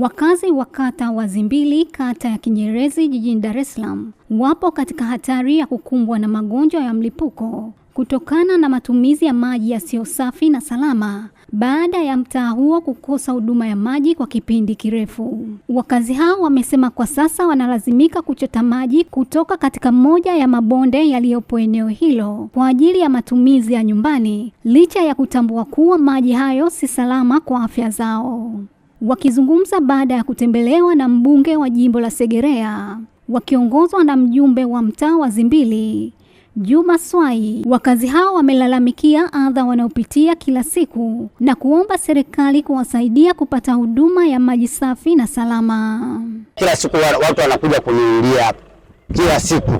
Wakazi wa kata wa Zimbili kata ya Kinyerezi jijini Dar es Salaam wapo katika hatari ya kukumbwa na magonjwa ya mlipuko kutokana na matumizi ya maji yasiyo safi na salama baada ya mtaa huo kukosa huduma ya maji kwa kipindi kirefu. Wakazi hao wamesema kwa sasa wanalazimika kuchota maji kutoka katika moja ya mabonde yaliyopo eneo hilo kwa ajili ya matumizi ya nyumbani licha ya kutambua kuwa maji hayo si salama kwa afya zao. Wakizungumza baada ya kutembelewa na mbunge wa jimbo la Segerea wakiongozwa na mjumbe wa mtaa wa Zimbili Juma Swai, wakazi hao wamelalamikia adha wanaopitia kila siku na kuomba serikali kuwasaidia kupata huduma ya maji safi na salama. Kila siku watu wanakuja kuniulia hapa kila siku,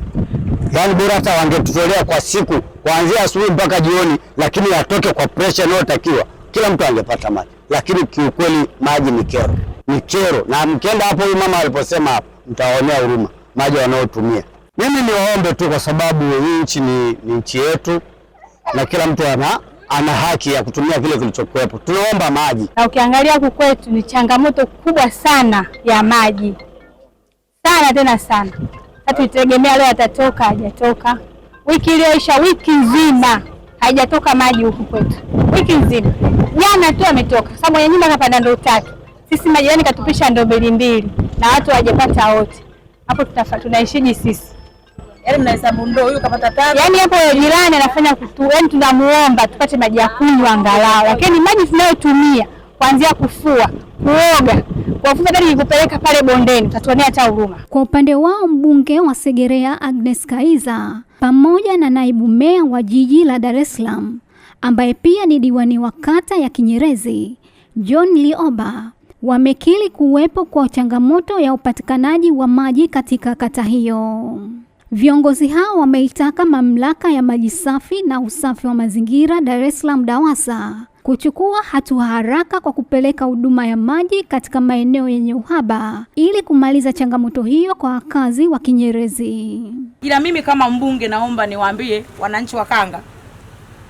yaani bora hata wangetutolea kwa siku kuanzia asubuhi mpaka jioni, lakini atoke kwa presha inayotakiwa, kila mtu angepata maji lakini kiukweli maji ni kero, ni kero. Na mkienda hapo, huyu mama aliposema hapo, mtawaonea huruma maji wanayotumia. Mimi niwaombe tu, kwa sababu hii nchi ni, ni nchi yetu na kila mtu ana ana haki ya kutumia vile kilichokuwepo. Tunaomba maji, na ukiangalia huku kwetu ni changamoto kubwa sana ya maji, sana tena sana. Hatuitegemea leo atatoka, hajatoka. Wiki iliyoisha, wiki nzima haijatoka maji huku kwetu, wiki nzima jana tu ametoka. Sasa mwenye nyumba kapanda ndoo tatu, sisi majirani katupisha ndoo mbili mbili, na watu hawajapata wote. Hapo tunaishiji sisi? Yaani mnahesabu ndoo, huyu kapata tatu. Yaani hapo jirani anafanya kutu, yaani tunamuomba tupate maji ya kunywa angalau, lakini maji tunayotumia kuanzia kufua, kuoga, kupeleka pale bondeni, tatuonea hata huruma. Kwa upande wao mbunge wa Segerea Agnes Kaiza pamoja na naibu meya wa jiji la Dar es Salaam ambaye pia ni diwani wa kata ya Kinyerezi, John Lioba wamekiri kuwepo kwa changamoto ya upatikanaji wa maji katika kata hiyo. Viongozi hao wameitaka mamlaka ya maji safi na usafi wa mazingira Dar es Salaam DAWASA kuchukua hatua haraka kwa kupeleka huduma ya maji katika maeneo yenye uhaba ili kumaliza changamoto hiyo kwa wakazi wa Kinyerezi. Ila mimi kama mbunge naomba niwaambie wananchi wa Kanga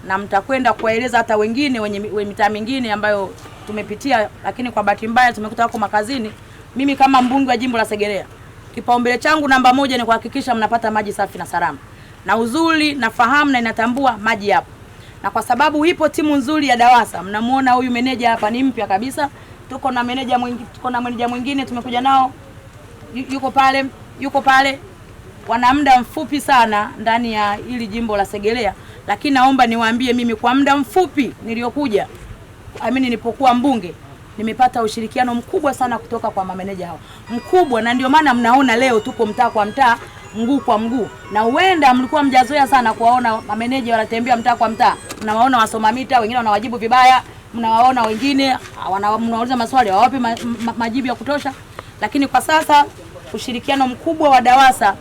na mtakwenda kuwaeleza hata wengine wenye mitaa mingine ambayo tumepitia, lakini kwa bahati mbaya tumekuta wako makazini. Mimi kama mbunge wa jimbo la Segerea, kipaumbele changu namba moja ni kuhakikisha mnapata maji safi na salama, na uzuri nafahamu na inatambua maji yapo, na kwa sababu ipo timu nzuri ya DAWASA. Mnamuona huyu meneja hapa ni mpya kabisa, tuko na meneja mwingine, tuko na meneja mwingine tumekuja nao, yuko pale, yuko pale, wana muda mfupi sana ndani ya hili jimbo la Segerea lakini naomba niwaambie mimi kwa muda mfupi niliyokuja amini, nilipokuwa mbunge nimepata ushirikiano mkubwa sana kutoka kwa mameneja hao mkubwa, na ndio maana mnaona leo tupo mtaa kwa mtaa, mguu kwa mguu, na huenda mlikuwa mjazoea sana kuwaona mameneja wanatembea mtaa kwa mtaa. Mnawaona wasoma mita, wengine wanawajibu vibaya, mnawaona wengine mnawauliza maswali hawawapi ma, ma, majibu ya kutosha, lakini kwa sasa ushirikiano mkubwa wa DAWASA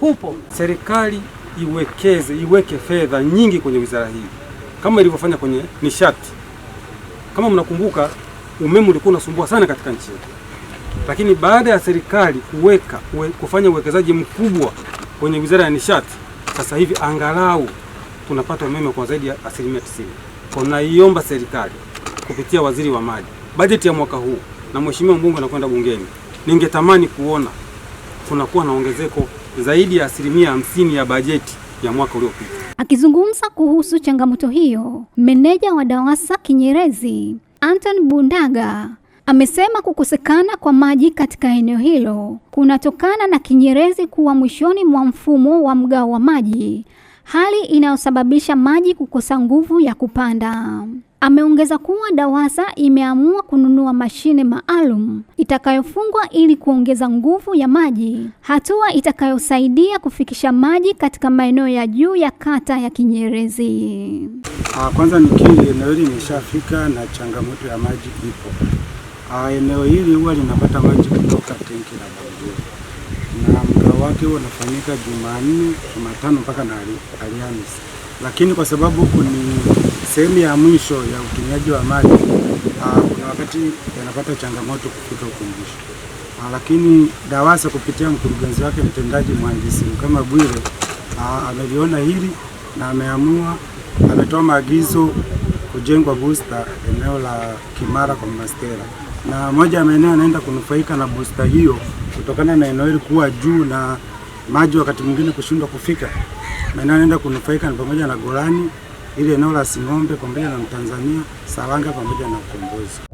hupo serikali iwekeze, iweke fedha nyingi kwenye wizara hii kama ilivyofanya kwenye nishati. Kama mnakumbuka, umeme ulikuwa unasumbua sana katika nchi yetu, lakini baada ya serikali kuweka uwe, kufanya uwekezaji mkubwa kwenye wizara ya nishati, sasa hivi angalau tunapata umeme kwa zaidi ya asilimia tisini. Kwa naiomba serikali kupitia waziri wa maji, bajeti ya mwaka huu na mheshimiwa mbunge anakwenda bungeni, ningetamani kuona tunakuwa na ongezeko zaidi ya asilimia hamsini ya bajeti ya mwaka uliopita. Akizungumza kuhusu changamoto hiyo, meneja wa DAWASA Kinyerezi Anton Bundaga amesema kukosekana kwa maji katika eneo hilo kunatokana na Kinyerezi kuwa mwishoni mwa mfumo wa mgao wa maji, hali inayosababisha maji kukosa nguvu ya kupanda. Ameongeza kuwa DAWASA imeamua kununua mashine maalum itakayofungwa ili kuongeza nguvu ya maji, hatua itakayosaidia kufikisha maji katika maeneo ya juu ya kata ya Kinyerezi. Ah, kwanza nikiri, eneo hili imeshafika na changamoto ya maji ipo. Ah, eneo hili huwa linapata maji kutoka tenki la Bangili na mgao wake huwa unafanyika Jumanne, Jumatano mpaka na Alhamisi, lakini kwa sababu huku ni Sehemu ya mwisho ya utumiaji wa maji ah, kuna wakati yanapata changamoto kufika ukumbusho, ah, lakini DAWASA kupitia mkurugenzi wake mtendaji mhandisi kama Bwire ah, ameliona hili na ameamua, ametoa maagizo kujengwa busta eneo la Kimara kwa Mastera, na moja ya maeneo yanaenda kunufaika na busta hiyo kutokana na eneo hili kuwa juu na maji wakati mwingine kushindwa kufika. Maeneo yanaenda kunufaika ni pamoja na Golani ili eneo la Sing'ombe pamoja na Mtanzania Saranga pamoja na ukombozi.